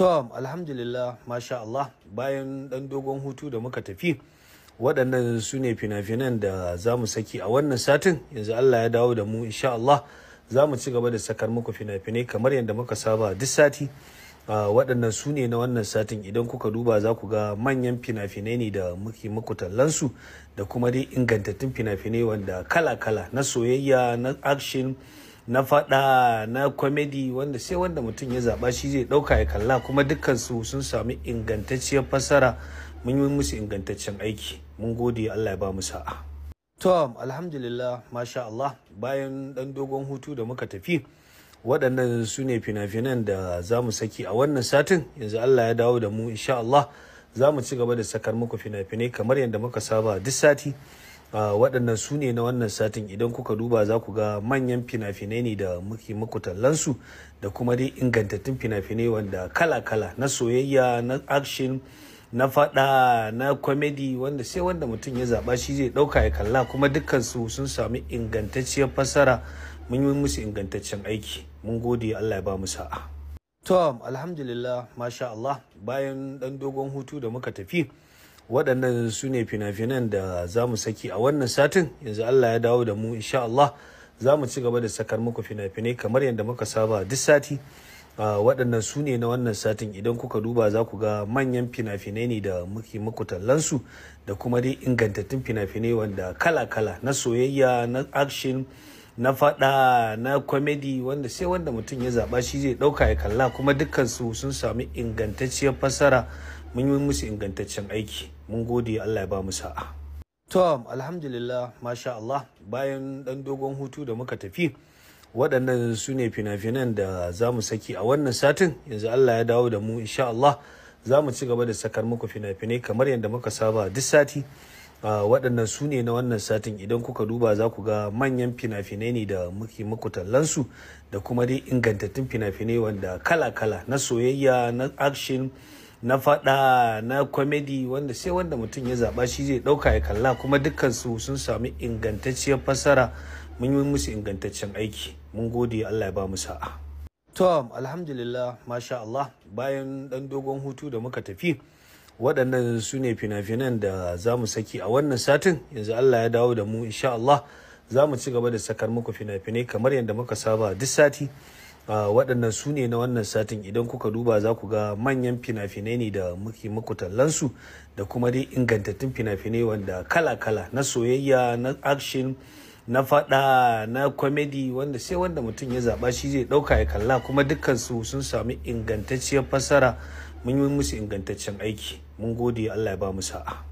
To, alhamdulillah, masha Allah, bayan ɗan dogon hutu da muka tafi, waɗannan su ne fina-finan da za mu saki a wannan satin, yanzu Allah ya dawo da mu, insha Allah, za mu ci gaba da sakar muku fina-finai kamar yadda muka saba duk sati. waɗannan su ne na wannan satin idan kuka duba za ku ga manyan fina-finai ne da muke muku tallansu da kuma dai ingantattun fina-finai wanda kala-kala na soyayya na action na faɗa na kwamedi wanda sai wanda mutum ya zaɓa shi zai ɗauka ya kalla kuma dukkansu sun sami ingantacciyar fasara mun yi musu ingantaccen aiki mun gode allah ya ba mu sa'a to alhamdulillah masha allah bayan ɗan dogon hutu da muka tafi waɗannan su ne fina-finan da za mu saki a wannan satin yanzu allah ya dawo da mu insha allah za mu ci gaba da sakar muku fina-finai kamar yadda muka saba duk sati Ah, waɗannan su ne na wannan satin idan kuka duba za ku ga manyan fina-finai ne da muke muku tallansu da kuma dai ingantattun fina-finai wanda kala-kala na soyayya na action na fada na comedy wanda sai wanda mutum ya zaba shi zai ɗauka ya kalla kuma dukkan su sun sami ingantacciyar fassara mun yi musu ingantaccen aiki mun gode Allah ya ba mu sa'a to alhamdulillah masha Allah bayan ɗan dogon hutu da muka tafi waɗannan su ne fina-finan da za mu saki a wannan satin yanzu allah ya dawo da mu insha allah za mu ci gaba da sakar muku fina-finai kamar yadda muka saba duk sati waɗannan su ne na wannan satin idan kuka duba za ku ga manyan fina-finai ne da muke muku tallansu da kuma dai ingantattun fina-finai wanda kala-kala na soyayya na action na fada na comedy wanda sai wanda mutum ya zaba shi zai ɗauka ya kalla kuma dukkan su sun sami ingantacciyar fasara mun yi musu ingantaccen aiki mun gode Allah ya ba mu sa'a to alhamdulillah masha Allah bayan dan dogon hutu da muka tafi waɗannan su ne fina-finan da za mu saki a wannan satin yanzu Allah ya dawo da mu insha Allah za mu ci gaba da sakar muku fina-finai kamar yadda muka saba duk sati ah, waɗannan su ne na wannan satin idan kuka duba za ku ga manyan fina-finai ne da muke muku tallansu da kuma dai ingantattun fina-finai wanda kala-kala na soyayya na action na fada na comedy wanda sai wanda mutum ya zaba shi zai dauka ya kalla kuma dukkansu sun sami ingantacciyar fasara mun yi musu ingantaccen aiki mun gode Allah ya ba mu sa'a to alhamdulillah masha Allah bayan ɗan dogon hutu da muka tafi waɗannan su ne fina-finan da za mu saki a wannan satin yanzu Allah ya dawo da mu insha Allah za mu ci gaba da sakar muku fina-finai kamar yadda muka saba duk sati waɗannan su ne na wannan satin idan kuka duba za ku ga manyan fina-finai ne da muke muku tallansu da kuma dai ingantattun fina-finai wanda kala-kala na soyayya na action na fada na comedy wanda sai wanda mutum ya zaba shi zai ɗauka ya kalla kuma dukkan su sun sami ingantacciyar fasara mun yi musu ingantaccen aiki mun gode Allah ya ba mu sa'a